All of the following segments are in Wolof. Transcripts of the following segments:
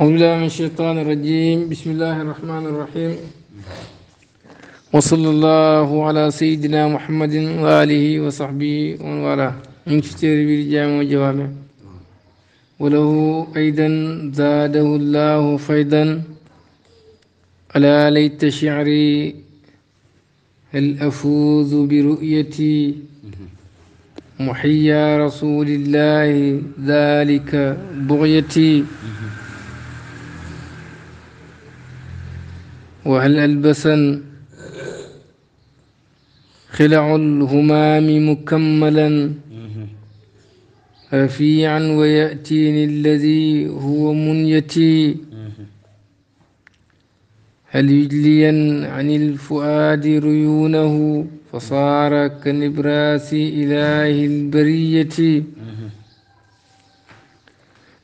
أعوذ بالله من الشيطان الرجيم بسم الله الرحمن الرحيم وصلى الله على سيدنا محمد وآله وصحبه ومن والاه من كتير بالجامع وجوامع وله أيضا زاده الله فيضا ألا ليت شعري هل أفوز برؤيتي محيا رسول الله ذلك بغيتي وهل ألبسن خلع الهمام مكملا رفيعا ويأتيني الذي هو منيتي هل يجليا عن الفؤاد ريونه فصار كنبراس إله البرية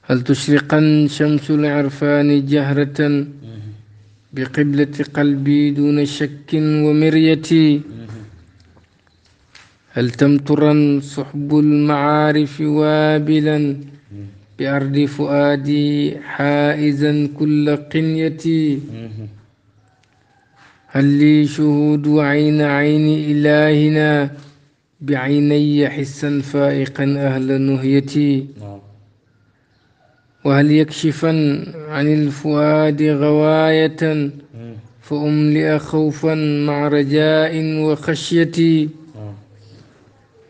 هل تشرقا شمس العرفان جهرة بقبلة قلبي دون شك ومريتي هل تمطرا صحب المعارف وابلا بأرض فؤادي حائزا كل قنيتي هل لي شهود عين عين إلهنا بعيني حسا فائقا أهل نهيتي نعم. وهل يكشفن عن الفؤاد غواية فأملئ خوفا مع رجاء وخشيتي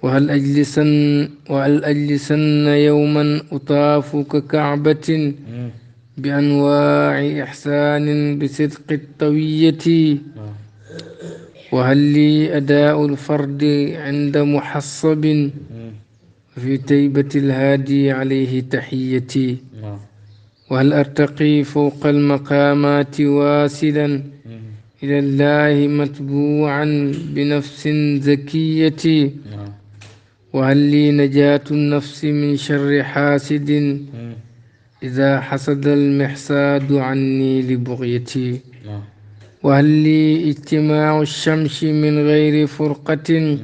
وهل أجلسن وهل أجلسن يوما أطاف ككعبة بأنواع إحسان بصدق الطوية وهل لي أداء الفرد عند محصب في تيبة الهادي عليه تحيتي وهل أرتقي فوق المقامات واسلا إلى الله متبوعا بنفس زكيه نعم. وهل لي نجاة النفس من شر حاسد إذا حسد المحساد عني لبغيتي نعم. وهل لي اجتماع الشمس من غير فرقة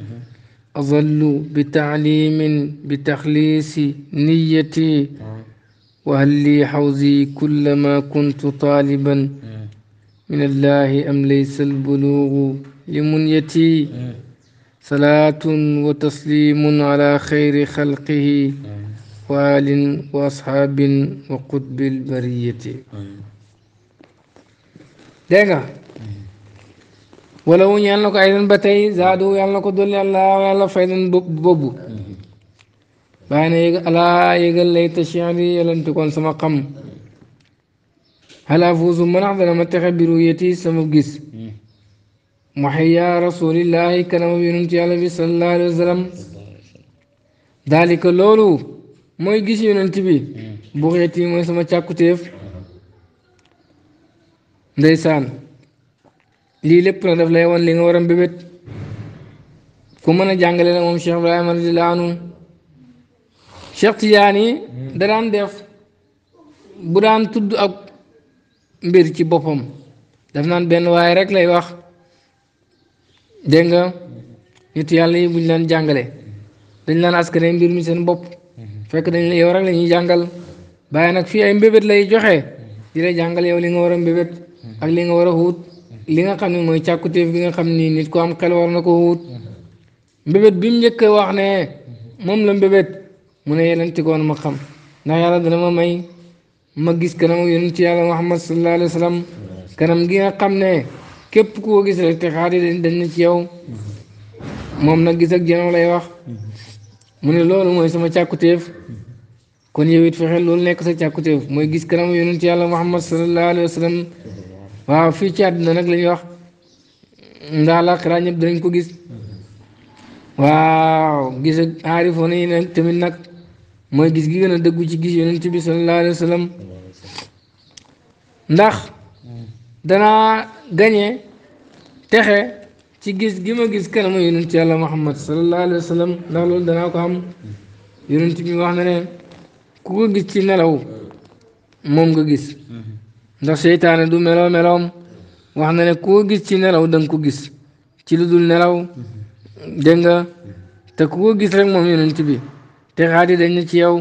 أظل بتعليم بتخليص نيتي نعم. وهل لي حوزي كلما كنت طالبا من الله أم ليس البلوغ لمنيتي صلاة وتسليم على خير خلقه وآل وأصحاب وقطب البرية دعنا ولو wala أيضا بتي na ko ay الله ba tey zaadu yàlla bàyyi na yëg alaa yëgal lay tachien yi yelantu koon sama xam xalaa fuusu manax dana ma texe biru yeti sama gis muxiya rasulillahi kanama yonent yàlla bi sallallahu alayhi wa sallam daalika loolu mooy gis yonent bi bu xeeti mooy sama càkkutéef ndeysaan lii lépp na daf lay wan li nga war ku mën a jàngale na moom Cheikh Ibrahima radiyallahu Cheikh Tidiane da daan def bu daan tudd ak mbir ci boppam daf naan benn waaye rek lay wax dégg nga nit yàlla yi bu ñu leen jàngale dañ leen askane mbir mi seen bopp fekk dañ yow rek la ñuy jàngal bàyyi nag fii ay mbébét lay joxe di la jàngal yow li nga war a mbébét ak li nga war a wut li nga xam ne mooy càkkutéef bi nga xam nii nit ko am xel war na ko wut mbébét bi mu njëkk wax ne moom la mbébét. mu ne yelanti koon ma xam ndax yàlla dana ma may ma gis kanam yonent yàlla Muhammad sallallahu alayhi wa xam ne képp koo gis rek te xaar yi ci yow moom nag gis ak jënoo lay wax mu ne loolu mooy sama càkkutéef kon yow it lool loolu nekk sa càkkutéef mooy gis kanam yonent yàlla Muhammad sallallahu alayhi wa sallam waaw fii ci àdduna nag la ñuy wax ndaa laaxiraa ñëpp danañ ko gis waaw gis ak aarifoon yi nag tamit nag mooy gis gi gën dëggu ci gis yonent bi sallallahu alayhi wa sallam ndax dana gañe texe ci gis gi ma gis kanamu yonent yàlla Muhammad sallallahu alayhi wa sallam ndax loolu danaa ko am yonent bi wax na ku gis ci nelaw moom nga gis ndax seytaane du meloo meloom wax na ne ku gis ci nelaw da nga ko gis ci lu dul nelaw dégg nga te ku ko gis rek moom yonent bi te xaadi dañ ci yow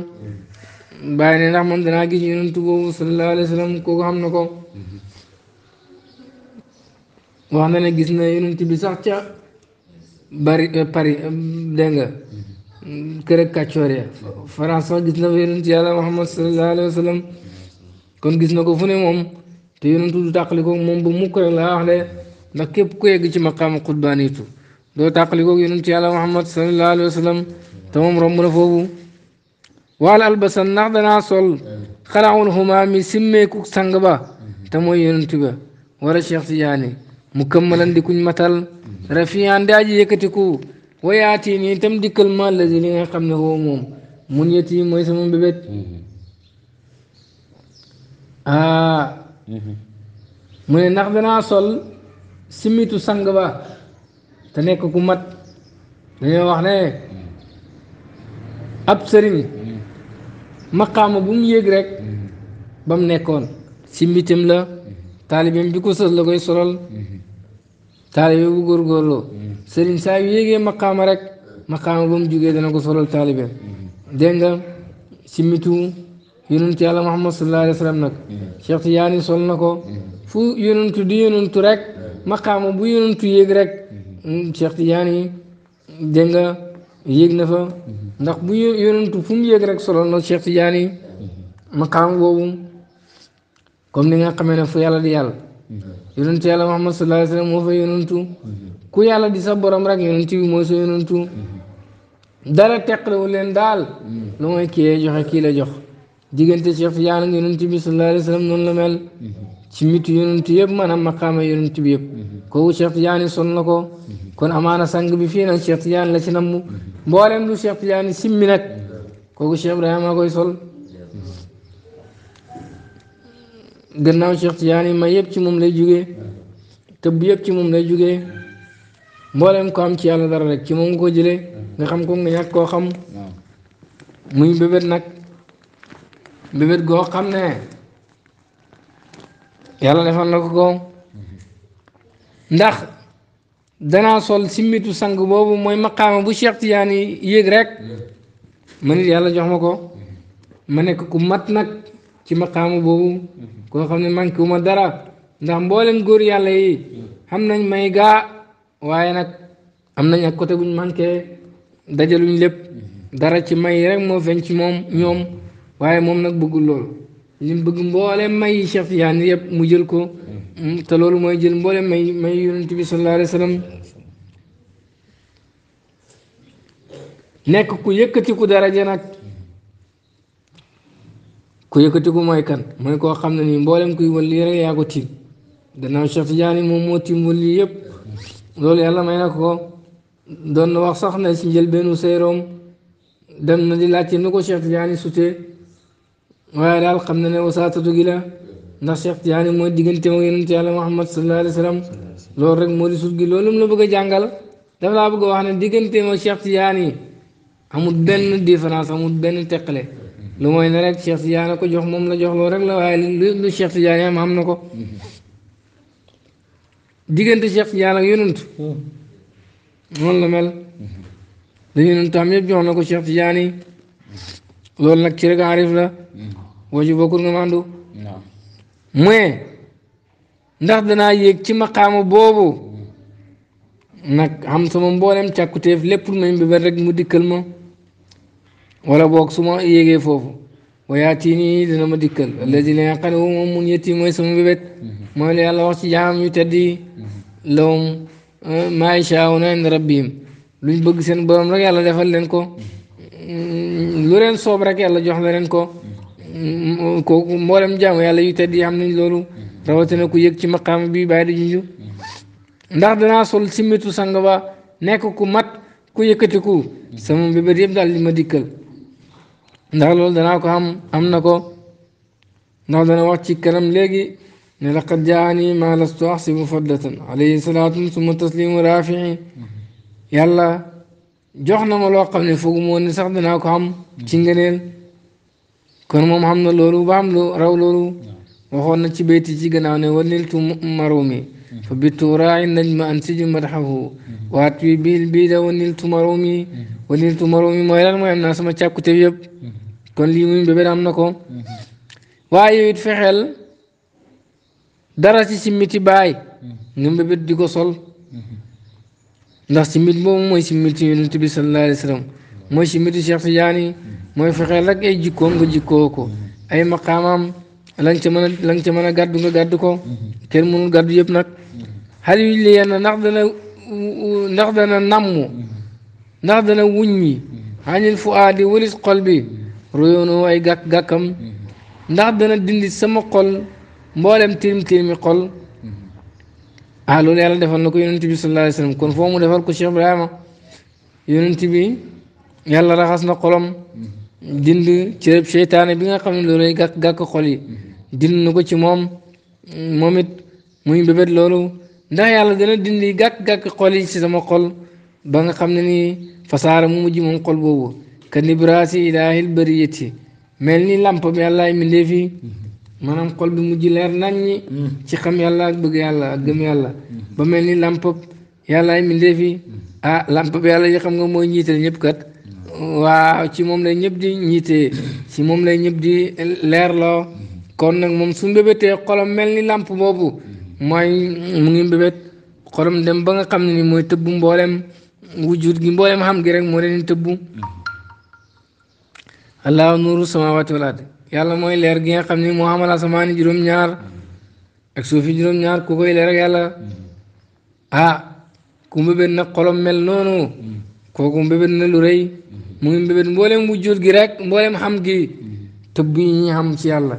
bàyyi ne ndax man danaa gis yonent boobu sallallahu alayhi wa sallam kooku xam na ko wax na ne gis na yonent bi sax ca bari euh, Paris euh, dégg nga kër ak gis na fa yonent yàlla Muhammad sallallahu alayhi wa sallam kon gis na ko fu ne moom te yonent du tàqalikoog moom ba mukk rek laa wax de ndax képp ku yegg ci maqaama xutbaaniitu doo tàqalikoog yonent yàlla Muhammad sallallahu alayhi wa sallam te moom romb na foofu waal albasan ndax danaa sol xalaawul xumaa mi simmeeku sang ba te mooy yonent ba war a Cheikh Tidiane kuñ matal rafiyaan daa ji yëkkatiku wayaati nii tam dikkal ma lazi li nga xam ne woo moom mun yëti mooy sama mbébét ah mu ne ndax danaa sol simitu sang ba te nekk ku mat dañoo wax ab sëriñ maqaama bu mu yéeg rek ba nekkoon si mbitim la taalibeem bi ko sës koy solal taalibe bu góorgóorloo sëriñ saa yu yéegee maqaama rek maqaama bu mu jugee dana ko solal taalibeem dégg nga si mbitu yonent yàlla Muhammad sallallahu alayhi wa sallam nag sol na ko fu yonentu di yonentu rek maqaama bu yonentu yéeg rek Cheikh Tidiane dégg nga yéeg na fa ndax bu yonentu fu mu yéeg rek solal na Cheikh Tidiane maqaam woowu comme ni nga xamee ne fu yàlla di yàlla yonentu yàlla Muhammad sallallahu alayhi wasallam moo fa yonentu ku yàlla di sa borom rek yonentu bi mooy sa yonentu dara teqalewu leen daal lu mooy kii joxe kii la jox diggante Cheikh Tidiane yonentu bi sallallahu alayhi wasallam noonu la mel ci mitu yonentu yëpp maanaam maqaama yonentu bi yëpp kooku Cheikh Tidiane sol na ko kon amaana sang bi fii nag Cheikh Tidiane la ci namm mboolem lu Cheikh Tidiane simmi nag kooku Cheikh Ibrahima koy sol gannaaw Cheikh Tidiane ma yëpp ci moom lay jugee tëbb yëpp ci moom lay jugee mboolem ko am ci yàlla dara rek ci moom nga ko jëlee nga xam ko nga ñàkk koo xam muy bébét nag bébét goo xam ne yàlla defal na ko ndax danaa sol simmitu sang boobu mooy maqaama bu Cheikh Tidiane yéeg rek ma nit yàlla jox ma ko ma nekk ku mat nag ci maqaama boobu koo xam ne manqué wu ma dara ndax mboolem góor yàlla yi xam nañ may gaa waaye nag am nañ ak côté bu ñu dajaluñ lépp dara ci may rek moo feeñ ci moom ñoom waaye moom nag bëggul lool li bëgg mboolem may yi Cheikh Tidiane yëpp mu jël ko. Mm, te loolu mooy jël mboole may may yonent bi sallallahu alayhi wa sallam ku yëkkatiku daraja nag ku yëkkatiku mooy kan mooy koo xam ne nii mboolem kuy wël lii rek yaa ko tiim gannaaw moom moo lii yëpp loolu yàlla may na na wax sax na si njëlbeenu seyroom dem na di laajte nu ko Cheikh Tidiane sutee waaye daal xam na ne wasaatatu gi ndax Cheikh Tidiane mooy diggante ak yonent yàlla Muhammad sallallahu alayhi wa sallam loolu rek moo di sut gi loolu mu la bëgg a jàngal dafa laa bëgg a wax ne diggante ak Cheikh Tidiane amul benn différence amul benn teqale lu mooy ne ko jox moom la jox loolu rek waaye lu lu Cheikh am am na ko diggante Cheikh Tidiane la mel lu yonent am yëpp jox ko Cheikh Tidiane loolu nag ci rek arif la mm. woo ci bokkul nga mandu mooy ndax danaa yéeg ci maqaama boobu nag xam sama mboolem càkkutéef lépp lu may mbébét rek mu dikkal ma wala boog suma ma yéegee foofu wayaati nii dina ma dikkal alladi li nga xam ne moom mun yetti mooy sama mbébét mm-hmm. mooy la yàlla wax ci jaam yu teddi mm-hmm. lawum eh, maa yashaa'uuna inda rabbihim luñ bëgg seen borom rek yàlla defal leen ko mm-hmm. mm, lu leen soob rek yàlla jox la ko kooku mboolem jaamu yàlla yu tedd yi am nañ loolu rawatina ku yëg ci maqaam bi bàyyi di junju ndax danaa sol simmitu sang ba nekk ku mat ku yëkkatiku sama mbébét yëpp daal li ma dikkal ndax loolu danaa ko am am na ko ndax dana wax ci kanam léegi ne laqad jaani ma lastu axsibu faddatan alayhi salaatun suma yàlla jox na ma loo xam ne foogu moon ne sax danaa ko am ci ngëneel kon moom xam na loolu ba am raw loolu waxoon na ci bayti ci gannaaw ne waniltu marumi mm-hmm. fa bittu raayi najma an siju mm-hmm. waat wi bil bii da waniltu marumi mm-hmm. marumi mooy lan mooy am naa sama càkkute yëpp kon lii muy bébé am na ko waay yow it fexeel dara ci baay nga mbébét di ko sol ndax simmit boobu mooy simmiti yonent bi sallallahu alayhi wa mooy si mbiru Cheikh Tidiane mooy fexeel rek ay jikkoom nga jikkoo ko ay maqaamaam la nga ca mën a la nga ca mën a gàddu nga gàddu ko kenn mënul gàddu yëpp nag xal yu li yenn ndax dana ndax dana namm ndax dana wuññi xañil fu aadi walis xol bi ay gàkk gàkkam ndax dana dindi sama xol mboolem tirim tirimi xol ah loolu yàlla defal na ko yonent bi sallallahu alayhi wa sallam kon foo mu defal ko Cheikh Ibrahima yonent bi yàlla raxas na kolom dind cërëb seytaane bi nga xam ne loolay gàkk gàkk xol yi dind na ko ci moom moomit it muy bébét loolu ndax yàlla dana dindi gàkk-gàkk xol yi ci sama xol ba nga xam ne nii fasaara mu mujj moom xol boobu ka nibraasi ilaahil bariyati mel ni làmp bi yàllaay mindee fii maanaam xol bi mujj leer naññi ci xam yàlla ak bëgg yàlla ak gëm yàlla ba mel ni làmp yàllaay mindee fii ah làmp bi yàlla yi xam nga mooy ñiital ñëpp kat waaw ci moom lay ñëpp di ñiite ci moom lay ñëpp di leerloo kon nag moom su mbébétee xolam mel ni làmp boobu mooy mu ngi mbébét xolam dem ba nga xam ne ni mooy tëbb mboolem wujud gi mboolem xam gi rek moo leen tëbb allahu nuuru samawati wal ya yàlla mooy leer gi nga xam ne moo xamal asamaani juróom-ñaar ak suufi juróom-ñaar ku koy leer ak yàlla ah ku mbébét nag xolam mel noonu kooku mbébét na lu rëy mm-hmm. mu ngi mbébét mbooleem jur gi rek mbooleem xam gi mm-hmm. tëbb yi ñuy ci yàlla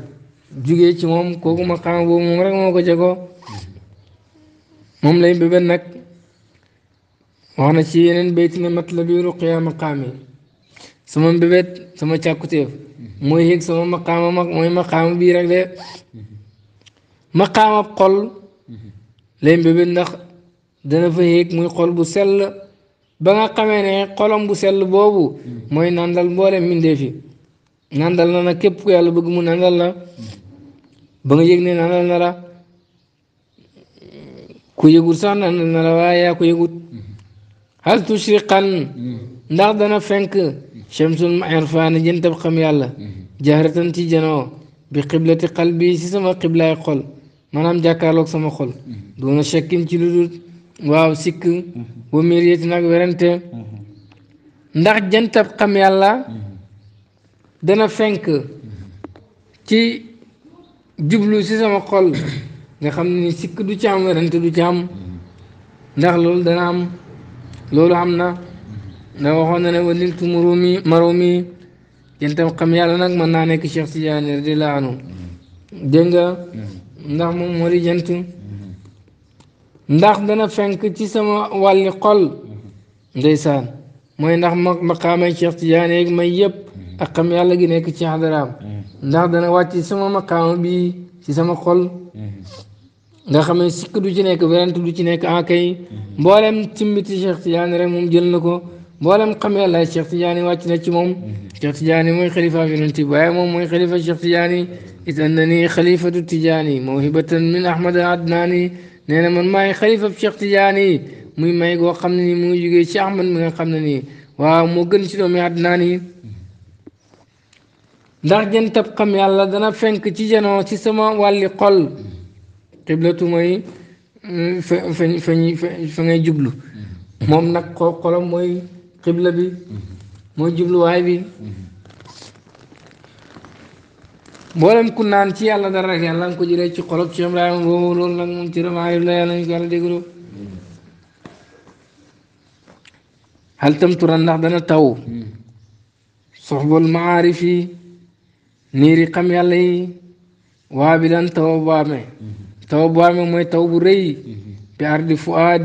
jugee ci moom kooku maqaama boobu moom rek moo ko jegoo mm-hmm. moom lay mbébét nag wax na ci yeneen bayti ne matlabi ruqiya maqaami sama mbébét sama càkkutéef mooy yëg sama maqaama ma mooy maqaama bii rek de maqaama xol lay mbébét ndax dana fa yëg muy xol bu sell ba nga xamee ne xolam bu sell boobu mooy nandal mboolem mbindéef yi nandal na la képp ku yàlla bëgg mu nandal na ba nga yëg ne nandal na la ku yëgut sax nandal na la waaye yaa ko yëgut hal tushriqan ndax dana fenk shamsul ma'rifaani jëntab xam yàlla jahratan ci janoo bi xiblati xal bi si sama xiblaay xol maanaam jàkkaarloog sama xol doona shakkin ci lu dul waaw sikk wa miir yit nag werante ndax jantab xam yàlla dana fenk ci jublu ci sama xol nga xam ni sikk du ci am werante du ci ndax loolu dana am loolu am na ndax waxoon na ne waniltu maroomi maroomi jantab xam yàlla nag mën naa nekk Cheikh Tidiane radiyallaahu anhu dégg nga ndax moom moo di jant ndax dana fenk ci sama wàlli xol ndeysaan mooy ndax ma maqaamay Cheikh Tidiane yeeg may yëpp ak xam yàlla gi nekk ci xadaraam ndax dana wàcc ci sama maqaama bi ci sama xol nga xam ne sikk du ci nekk werante du ci nekk en kay mboolem timbiti Cheikh Tidiane rek moom jël na ko mboolem xam yàlla Cheikh Tidiane wàcc na ci moom Cheikh Tidiane mooy xalifa yonent bi waaye moom mooy xalifa Cheikh Tidiane it annani xalifatu Tidiane mawhibatan min Ahmad Adnani nee na man maay xalifa Cheikh Tidiane yi muy may goo xam ne mu ngi jugee ci Ahmad mi nga xam ne nii waaw moo gën ci doomi àddinaa nii ndax jën tab xam yàlla dana fenk ci janoo ci sama wàlli xol xiblatu mooy mm, fa jublu moom nag xolam mooy xibla bi mm-hmm. mooy jubluwaay bi mm-hmm. mboolem ku naan ci yàlla dara rek yàlla nga ci xolob ci Ibrahima boobu loolu nag moom ci ramaayu la yàlla ñu ko yàlla déglu hal tamturan ndax dana taw soxbal maarif yi niiri xam yàlla waa bi daan taw bu amee taw mooy taw bu rëy bi ardi fuaad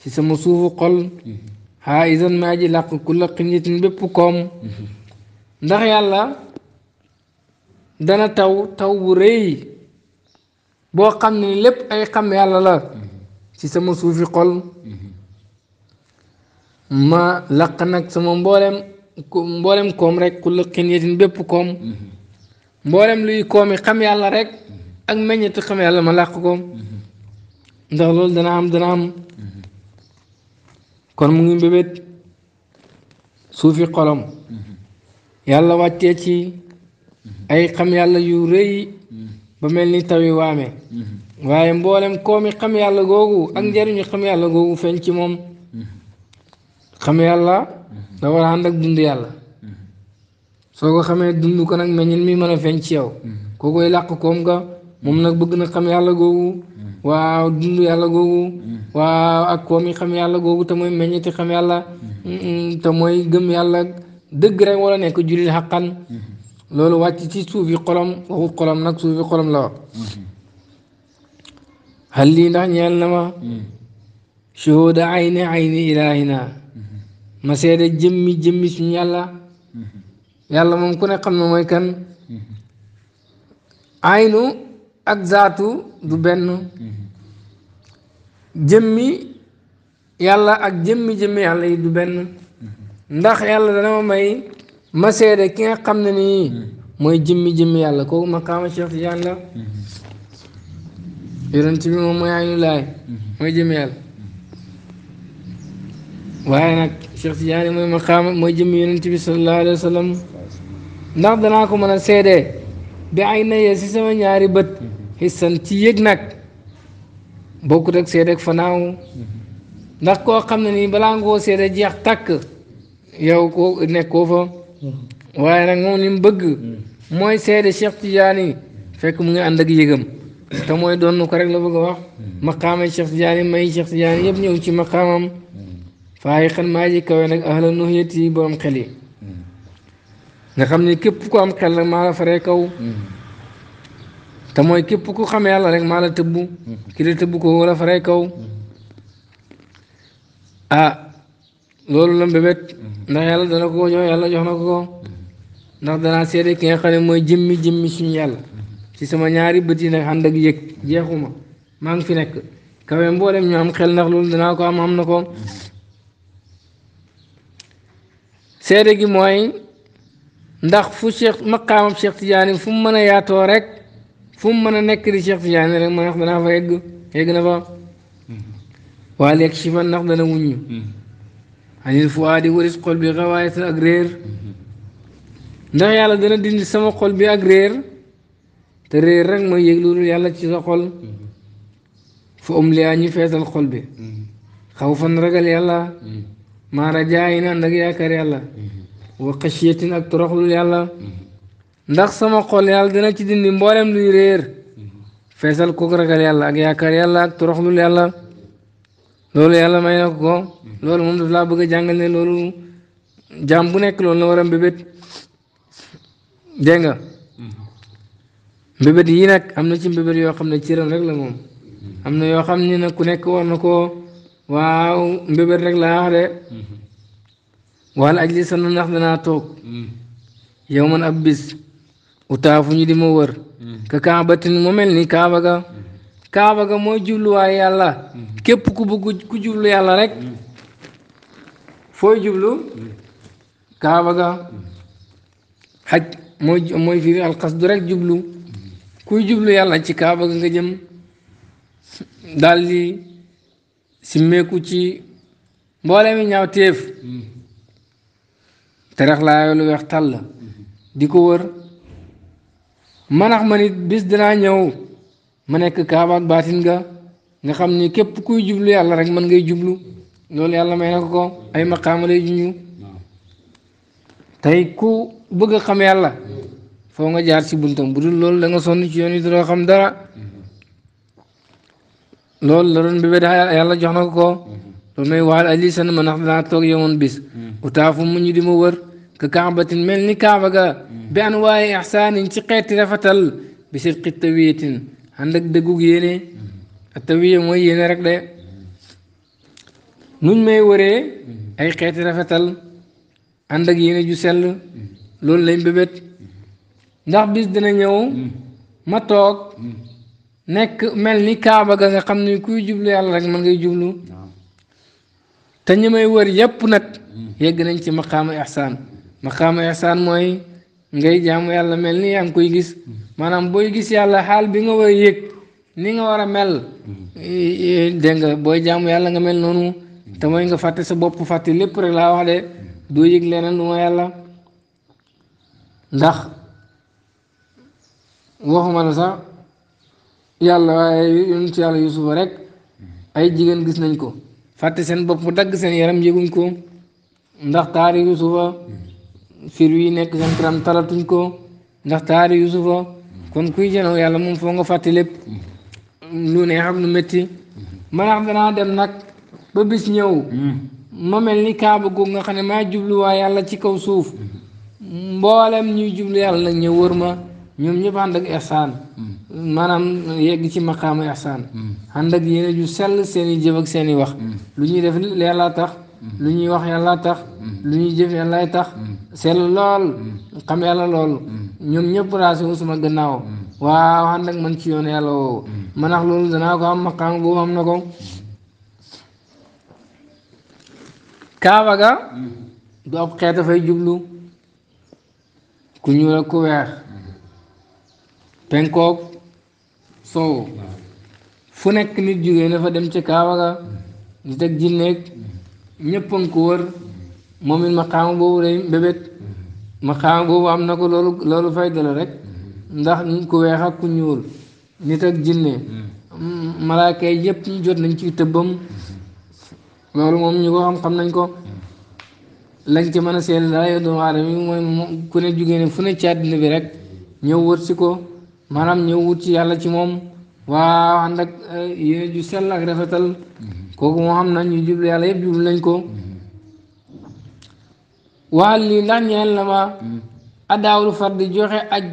ci sama suufu xol xaa isan maa ji làq ku la xinjitin bépp koom ndax dana taw taw bu rëy boo xam ne lépp ay xam yàlla la ci sama suufi xol ma laq nag sama mboolem mboolem koom rek ku lëqin yetin bépp koom mboolem luy koomi xam yàlla rek ak meññeti xam yàlla ma làq ko ndax loolu dana am dana am kon mu ngi mbébét suufi xolam yàlla wàccee ci ay xam yàlla yu rëy ba mel ni tawi waame waaye mboolem koomi xam yàlla googu ak njariñu xam yàlla googu feeñ ci moom xam yàlla da war a ak dund yàlla soo ko xamee dund ko nag meññin feeñ ci yow koo koy làq moom nag bëgg na xam yàlla googu yàlla googu waaw xam yàlla googu te mooy yàlla mooy gëm yàlla dëgg rek wala nekk jullit xaqan لولو واتي تي سو في قلم وهو قلم نك سو في قلم لا هل لي نح نيال نما شهود عين عين الهنا ما سيد جمي جمي سني يالا يالا ممكن اقم نموي كان عينو اك ذاتو دو بن جمي يالا اك جمي جمي يالا دو بن ndax yalla dana ma may ma seede ki nga xam ne nii hmm. mooy jëmmi jëmmi yàlla kooku maqaama Cheikh Tidiane la hmm. yonent bi moom mooy aynu laay hmm. mooy jëmmi yàlla waaye nag Cheikh Tidiane mooy maqaama mooy jëmmi yonent bi sallallahu alayhi ndax danaa ko mën a seede bi ay naye si sama ñaari bët xissan ci yëg nag bokkut ak seede ak fanaaw ndax koo xam ne nii balaa nga koo seede jeex takk yow ko nekkoo fa waaye nag moom li mu bëgg mm. mooy seede Cheikh Tidiane fekk mu ngi ànd ak yëgam te mooy doon ko rek la bëgg a wax mm. maqaama Cheikh Tidiane may Cheikh Tidiane yëpp ñëw ci maqaamam mm. faaye xan maa ji kawe nag ahla nuhiyat borom xel yi xam ni képp ku am xel rek maa la faree kaw te mooy képp ko xam yàlla rek maa la tëbb ki la tëbb ko wala faree kaw ah loolu la mbébét ndax yàlla dana ko yàlla jox na ko mm-hmm. ndax danaa seede ki nga xam ne mooy jëmmi jëmmi suñu yàlla mm-hmm. ci sama ñaari bët yi nag ànd ak yëg maa ngi fi nekk kawe mboolem ñu am xel ndax loolu danaa ko am am na ko mm-hmm. seede gi mooy ndax fu Cheikh maqaamam Cheikh Tidiane fu mu mën a yaatoo rek fu mu mën a nekk di Cheikh Tidiane rek ma wax danaa fa yegg yegg na fa waa léegi si fan ndax dana wuññu anil di waris xol bi xawaayatan ak réer ndax yàlla dana dindi sama xol bi ak réer te réer rek mooy yëg loolu yàlla ci sa xol fa um liyaa ñu feesal xol bi xaw fan ragal yàlla maa rajaayin ànd ak yaakaar yàlla wa xasiyatin ak toroxlul yàlla ndax sama xol yàlla dana ci dindi mboolem luy réer feesal kook ragal yàlla ak yaakaar yàlla ak toroxlul yàlla loolu yàlla may na ko hmm. loolu moom daf laa bëgg a jàngal ne loolu jaam bu nekk loolu na war a mbébét dégg hmm. yii nag am na ci mbébét yoo xam ne ci rek la moom hmm. am na yoo xam ne nag ku nekk war na ko waaw mbébét rek laa wax de wala aj li sa na ndax danaa toog yow man ab utaafu ñu di ma wër ka kaabatin mu mel ni kaaba ga kaaba ga mooy jubluwaay yàlla mhm. képp ku bëgg ku jublu yàlla rek mhm. fooy jublu mhm. kaaba ga xaj mooy mooy firi alxasdu rek jublu kuy jublu yàlla ci kaaba ga nga jëm daldi simmeeku ci mboole mi ñaaw téef terex laa lu weex tàll di ko wër manax ma nit bis dinaa ñëw ma nekk kaabaak baatin ga nga xam ni képp kuy jublu yàlla rek mën ngay jublu loolu yàlla may na ko ko ay maqaama lay junju tey ku bëgg a xam yàlla foo nga jaar ci buntam bu dul loolu da nga sonn ci yoon yi doo xam dara loolu la doon bébé daa yàlla jox na ko loolu may waxal ali san ma toog bis mm. utaafu mu ñu di ma wër ke kaabatin mel ni kaaba ga mm. bi an waaye ixsaanin ci xeeti rafetal bi ànd ak dëggug yéene mm-hmm. attawiya mooy yéene rek de nuñ may wëree mm-hmm. ay xeeti rafetal ànd ak yéene ju sell mm-hmm. loolu lañ bébét ndax bis dina ñëw ma toog nekk mel ni kaaba ga nga xam ni kuy jublu yàlla rek ma ngay jublu te ñi may wër yépp nag yegg nañ ci maqaama ihsaan maqaama ihsaan mooy ngay jaamu yàlla mel ni yaa ngi koy gis maanaam booy gis yàlla xaal bi nga war a yëg ni nga war a mel mm-hmm. eh, dégg booy jaamu yàlla nga mel noonu mm-hmm. te mooy nga fàtte sa bopp fàtte lépp rek laa wax de mm-hmm. doo yëg leneen lu yàlla ndax waxuma la sax yàlla waaye yonent yàlla yusufa rek ay jigéen gis nañ ko fàtte seen bopp dagg seen yaram yëguñ ko ndax taari yusufa fir yi nekk seen kanam ko ndax taari yusufa kon kuy jënoo yàlla moom foo nga fàtte lépp mm-hmm. lu ne xam nu métti manax mm-hmm. danaa dem nag ba bis ñëw mm-hmm. ma mel ni kaaba googu nga xam ne maa jubluwaa yàlla ci kaw suuf mboolem ñuy jublu yàlla nag ñëw wër ma ñoom ñëpp ànd ak ihsaan maanaam yegg ci maqaamu ihsaan ànd ak yéene ju sell seen i jëf ak seen wax lu ñuy def yàllaa tax lu ñuy wax yàllaa tax lu ñuy jëf yàllaay tax sell lool xam yàlla lool ñoom ñëpp raasi suma gannaaw mm. waaw ànd ak man ci yoon yàlla woowu mm. man ax loolu danaa ko am maqaam boobu am na ko mm. kaaba ga du ab xeet dafay jublu ku ñuul ku weex penkook soow fu nekk nit jógee na fa dem ci kaaba ga nit ak jinneeg ñëpp a ko wër moom it maqaam boobu lay bébét maqaam boobu am na ko loolu loolu fayda la rek ndax ku weex ak ku ñuul nit ak jinne malaaka yi yëpp ñu jot nañ ci tëbbam loolu moom ñu ko xam-xam nañ ko lañ ci mën a seetlu dara yow doomu aadama yi ku ne jugee ne fu ne ci àddina bi rek ñëw wër si ko maanaam ñëw wut ci yàlla ci moom waa ànd ak eh, yéen ju sell ak rafetal kooku moo xam nañ ñu jublu yàlla yëpp jublu nañ ko. وعلي لن يلما أداو الفرد جوخي أج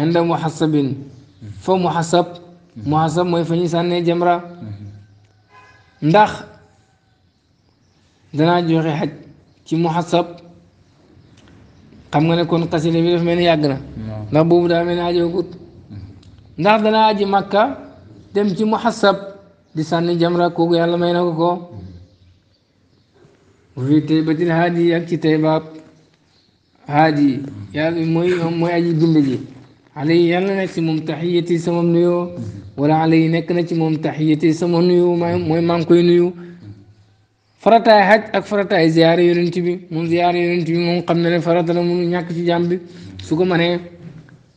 عند محسبين فو محسب محسب مو فني ساني جمرا ندخ دنا جوخي حج تي محسب خمغنا كون قسيل مي داف مين ياغنا نا بوم دا مين اجو دنا اجي مكه دم تي محسب دي ساني جمرا كوغو يالا ماي نكو fi taybatil haadi yi ak ci taybaab haadi yi yàlla mooy mooy aji gindi ji alay yàlla na ci moom taxiyati sama nuyoo wala alay nekk na ci moom taxiyati sama nuyoo mooy maa ngi koy nuyu farataay xaj ak farataay ziyaare yonent bi moom ziyaare yonent bi moom xam na ne farata la mu ñàkk ci jàmm bi su ko mënee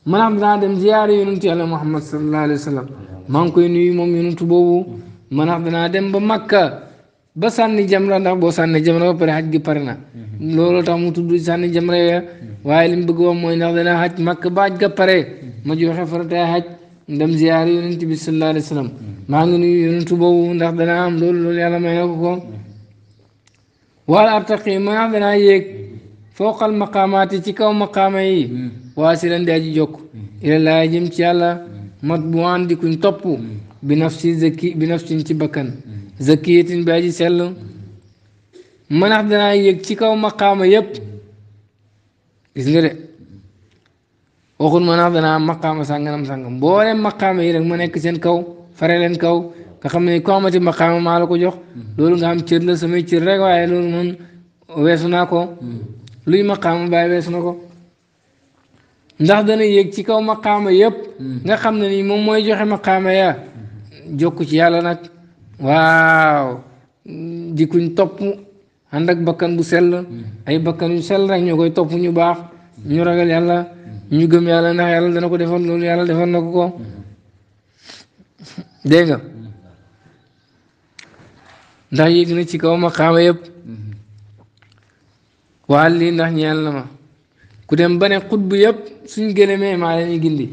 maanaam danaa dem ziyaare yonent yàlla Muhammad sallallahu alayhi wa sallam maa ngi koy nuyu moom yonent boobu maanaam danaa dem ba Makka ba sànni jamra ndax boo sànni jamra ba pare xaj gi pare na loolu tax mu tudd sànni jamra ya waaye li mu bëgg wax mooy ndax dana xaj màkk ba xaj ga pare ma joxe faratay xaj ndam ziyaar yonent bi sallallahu alayhi wa sallam maa ngi nuyu yonent boobu ndax dana am loolu loolu yàlla may na ko ko wala artaqi ma ndax danaa yéeg fooqal maqaamaati ci kaw maqaama yi waa si leen di aji jokk ila laa jëm ci yàlla mat bu waan di kuñ topp bi nafsi zaki bi nafsin ci bakkan zakiyatin bi aji sell manax danaa yëg ci kaw maqaama yépp gis nga de waxul manax danaa maqaama sànganam sàngam mboolem maqaama yi rek ma nekk seen kaw fare leen kaw nga xam ne ku amati maqaama maa la ko jox loolu nga am cër la samay cër rek waaye loolu moom weesu naa ko luy maqaama bàyyi weesu na ko ndax dana yëg ci kaw maqaama yépp hmm. nga xam ne ni moom mooy joxe maqaama ya jokk ci yàlla nag waaw di kuñ topp ànd bakkan bu sell mm-hmm. ay bakkan yu sell rek ñoo koy topp ñu baax ñu ragal yàlla mm-hmm. ñu gëm yàlla ndax yàlla dana ko defal loolu yàlla defal na ko ko mm-hmm. dégg nga ndax yi dina ci kaw ma xaama yëpp waal lii ndax ñeel na ma ku dem ba ne xut bu yëpp suñ gëlëmee maa leen gindi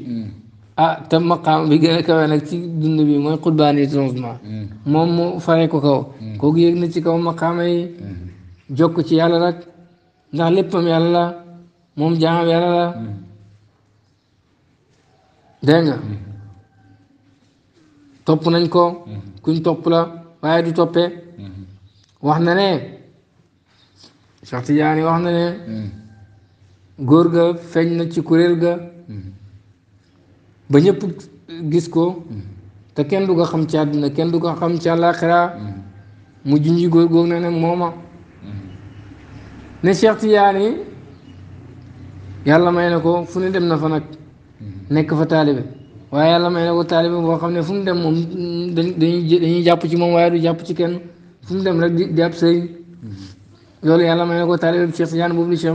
ah te maqaam bi gën a kawe nag ci dund bi mooy xutbaan yi transement hmm. moom mu ko kaw hmm. kooku yëg na ci kaw maqaama yi hmm. ci yàlla nag ndax léppam yàlla moom jaamam yàlla la topp nañ ko kuñ topp la waaye di toppe wax na ne Cheikh Tidiane wax na ne góor ga feeñ na ci kuréel ga ba ñëpp gis ko te kenn du ko xam ci àdduna kenn du ko xam ci àllaaxira mu junji góor góor na ne mooma ne Cheikh Tidiane yàlla may na ko fu ne dem na fa nag nekk fa taalibe waaye yàlla may na ko taalibe boo xam ne fu mu dem moom dañuy dañuy jàpp ci moom waaye du jàpp ci kenn fu mu dem rek jàpp sëriñ loolu yàlla may na ko taalibe bi Cheikh Tidiane boobu di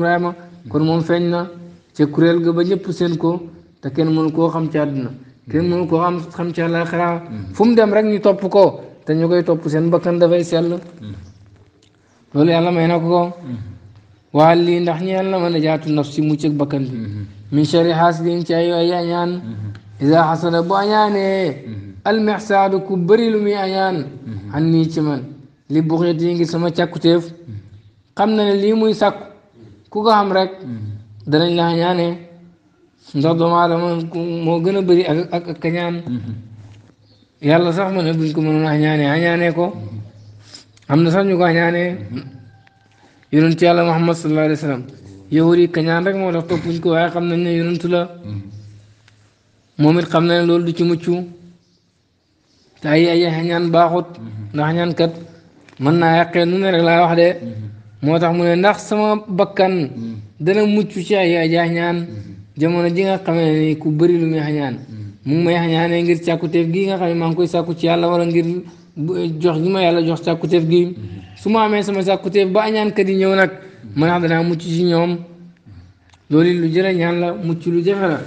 kon moom feeñ na ca kuréel ga ba ñépp seen ko te kenn mënu koo xam ci àdduna kenn mm-hmm. mënu koo xam xam ci àllaaxira fu mu dem rek ñu topp ko te ñu koy topp seen bakkan dafay sell mm-hmm. loolu yàlla may na ko mm-hmm. waa lii ndax ñu yàlla mën a jaatu naf si mucc ak bakkan bi min chari xaasidin ci ay ay añaan isa xasada bu añaanee almexsaadu ku bëri lu muy añaan xan nii ci man li buxeet yi ngi sama càkkutéef xam na ne lii muy sàkku ku ko xam rek danañ la añaanee ndax doomu aadama moo gën a bëri ak ak ak kañaan mm-hmm. yàlla sax mu ne buñ ko mënoon añaanee añaanee ko mm-hmm. am na sax ñu ko añaanee mm-hmm. yonent yàlla Muhammad sallallahu alayhi wa sallam yahud yi kañaan rek moo tax toppuñ ko waaye xam nañ ne yonentu la xam na ne loolu du ci mucc te ay ay añaan mën naa yàqee ne rek laa wax de moo tax mu ne ndax sama bakkan dana mucc ci ay ay jamono ji nga xamee ni ku bëri lu muy xañaan mm. mu ngi may xañaanee ngir càkkuteef gi nga xam ne maa ngi koy sàkku ci yàlla wala ngir jox gi ma yàlla jox càkkuteef gi mm. su ma amee sama càkkuteef ba añaankat yi ñëw nag mm. man xam danaa mucc ci ñoom loolu lu jëra ñaan la mucc lu jafe la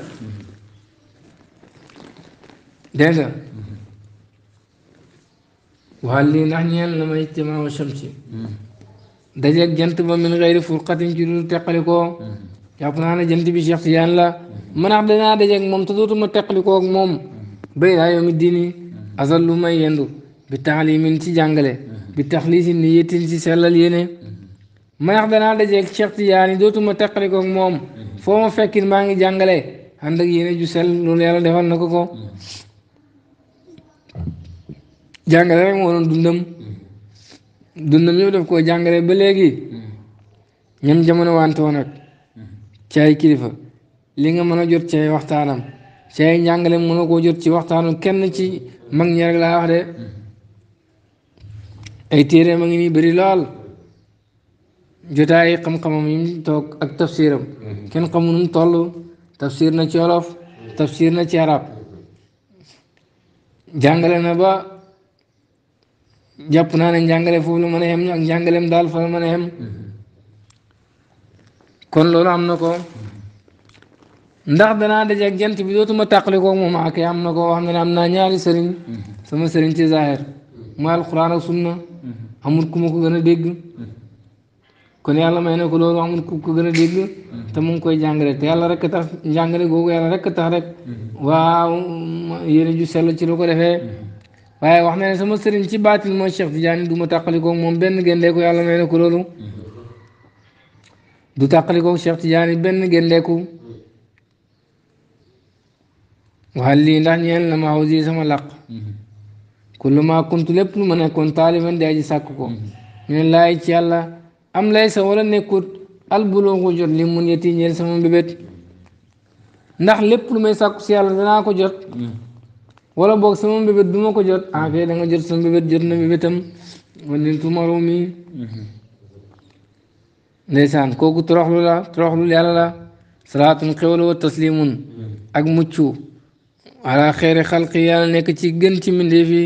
dégg nga waxal lii ñeen la may ijtimaaw shamsi dajeeg jant ba min xayri furqatin ci lu teqali ko jàpp naa ne jant bi Cheikh Tidiane la manax danaa dajeeg moom te dootuma teqlikoog moom bay daa yoomi dini asal lu may yendu bi taalimin ci jàngale bi taxlisi niyetin ci sellal yéene manax danaa dajeeg Cheikh Tidiane dootuma teqlikoog moom foo ma fekkin maa ngi jàngale ànd ak yéene ju sell loolu yàlla defal na ko ko jàngale rek moo doon dundam dundam yëpp daf koo jàngale ba léegi ñam jamono wante woon ci ay kilifa li nga mën a jot ci ay waxtaanam ci ay njàngale mënoo koo jot ci waxtaanu kenn ci mag ñi rek laa wax de ay téere mag ngi nii bëri lool jotaay xam-xamam yi mu toog ak tafsiram kenn xamu nu mu toll tafsir na ci olof tafsir na ci arab jàngale na ba jàpp naa ne njàngale foofu la mën a yem ak njàngaleem daal fa la mën a yem kon loolu am na ko ndax danaa daje ak jant bi dootuma tàqale koog moom ak am na ko wax nga ne am naa ñaari sëriñ sama sëriñ ci zahir mooy alquran ak sunna amul ku ma ko gën a dégg kon yàlla may na ko loolu amul ku ko gën a dégg te mu ngi koy jàngale te yàlla rek tax jàngale googu yàlla rek tax rek waaw yéen ju sell ci lu ko defee waaye wax na ne sama sëriñ ci baatil mooy Cheikh Tidiane du ma tàqale koog moom benn géndee ko yàlla may na ko loolu du tàqali ko Cheikh Tidiane benn gendeeku waxal lii ndax ñeel na ma aussi sama làq kullu kuntu lépp lu ma nekkoon taaliban di aji sàkk ko ñu ne ci yàlla am lay sa wala nekkut albuloogu jot lim mun yeti ñeel sama mbébét ndax lépp lu may sàkku si yàlla danaa ko jot wala boog sama mbébét du ma ko jot en ah, fait da nga jot sama mbébét jot na mbébétam wala tumaru نيسان كوكو تروح لولا تروح لولا لالا صلاة القول والتسليم اك مچو على خير خلق يالا نيك تي گن تي من دي في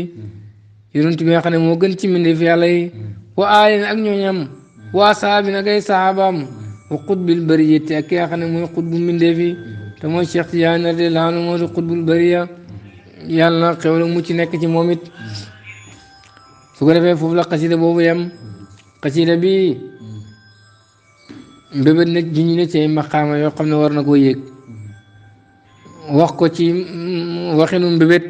يرونت بي خاني مو گن تي من دي في علي و آلين اك نيوم و صحابين اك صحابام و قطب البرية تي اكي خاني مو قطب من دي في تمو شيخ يانا دي لانو مو قطب البرية يالا قول مچ نيك تي موميت سوگرفه فوبلا قصيده بوبو يم قصيده بي mbébét nag ji ñu ne ci maqaama yoo xam ne war na koo yéeg wax ko ci mm, waxinu mbébét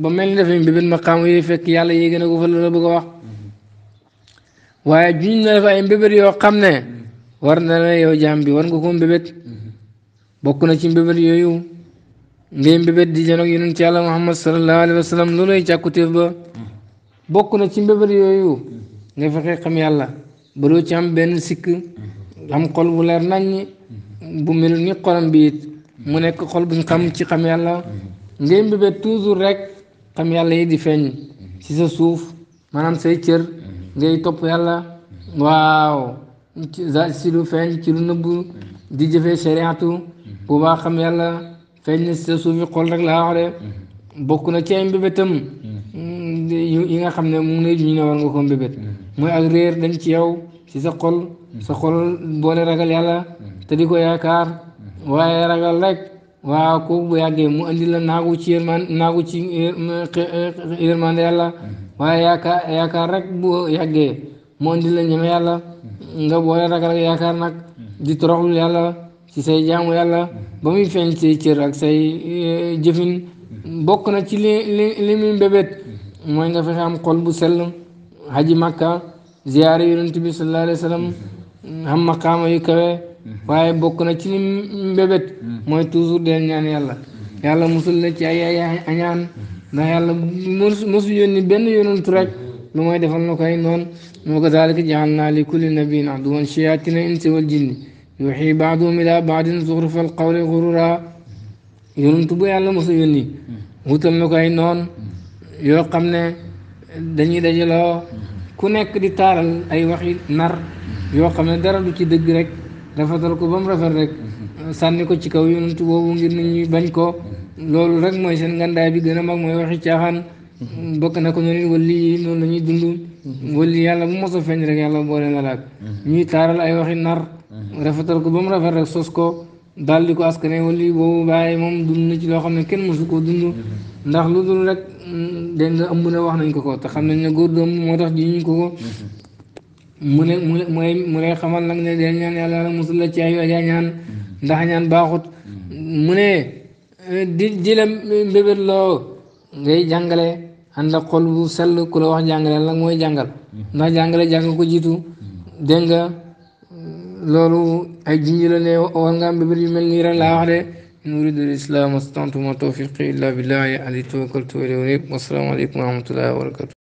ba mel ni dafay mbébét maqaama yooyu fekk yàlla yéege na ko fa la na ay mbébét yoo xam ne war na yow jaam bi war nga ko mbébét na ci mbébét yooyu ngay mbébét di janoog yonent ci yàlla wa sallam loolay càkkutéef ba bokk na ci mbébét yooyu nga fexe xam yàlla ba doo ci am benn sikk am xol bu leer naññ bu mel ni xolam bi mu nekk xol buñ xam ci xam yàlla ngay mbébét toujours rek xam yàlla yi di feeñ ci sa suuf maanaam say cër ngay topp yàlla waaw ci lu feeñ ci lu nëbb di jëfee chariatu bu baax xam yàlla feeñ na ci sa suuf yi xol rek laa wax de bokk na ci ay mbébétam mm. Mm, yi nga xam ne mu ngi ñu ne war nga ko mbébét mooy ak dañ ci yow. ci sa xol sa xol boole ragal yàlla te di ko yaakaar waaye ragal rek waaw kooku bu yàggee mu andi la naagu ci yërmaan naagu ci yërmaande yàlla waaye yaakaar yaakaar rek bu yàggee mu andi la ñeme yàlla nga boole ragal yaakaar nag di toroxlu yàlla ci say jaamu yàlla ba muy feeñ say cër ak say eh, jëfin bokk na ci li li li muy mbébét mooy nga fexe am xol bu sell haji makka ziyaare yonent bi sallallahu alayhi wa sallam xam maqaama yu kawe waaye bokk na ci li mbébét mooy toujours deel ñaan yàlla yàlla musul na ci ay ay añaan ndax yàlla mos mosu yónni benn yonentu rek lu mooy defal na koy noonu moo ko zaalika jaxal naa li kulli nabiin aduwan shayaatina insi wal jinni yuuxi baaduhum ilaa baadin zuxrufal qawli gurura yonentu bu yàlla mosu yónni wutal na koy noonu yoo xam ne dañuy dajaloo ku nekk di taaral ay waxi nar yoo xam ne dara du ci dëgg rek rafetal ko ba mu rafet rek sànni ko ci kaw yonent boobu ngir nit ñuy bañ ko loolu rek mooy seen ngandaay bi gën a mag mooy waxi caaxaan bokk na ko noonu wali yi noonu la ñuy dund wali yàlla bu mosoo a feeñ rek yàlla boole na laak ñuy taaral ay waxi nar rafetal ko ba mu rafet rek sos ko dal di ko askane wali bo baye mom dund na ci lo xamne ne kenn mosu koo dund ndax lu dul rek den nga ëmb na wax nañ ko ko te xam nañ ne goor doom mo tax di ñu ko ko mu ne mu ne mu ne xamal nak ne den ñaan yalla la musul la ci ay ajaa ñaan ndax ñaan baaxut mu ne di di la mbébét lo ngay jangale ànd ak xol bu sell ku la wax jangale nag moy jangal ndax jangale jang ko jitu den nga لولو نريد الاسلام استنت توفيقي الا بالله علي توكلت والسلام عليكم ورحمه الله وبركاته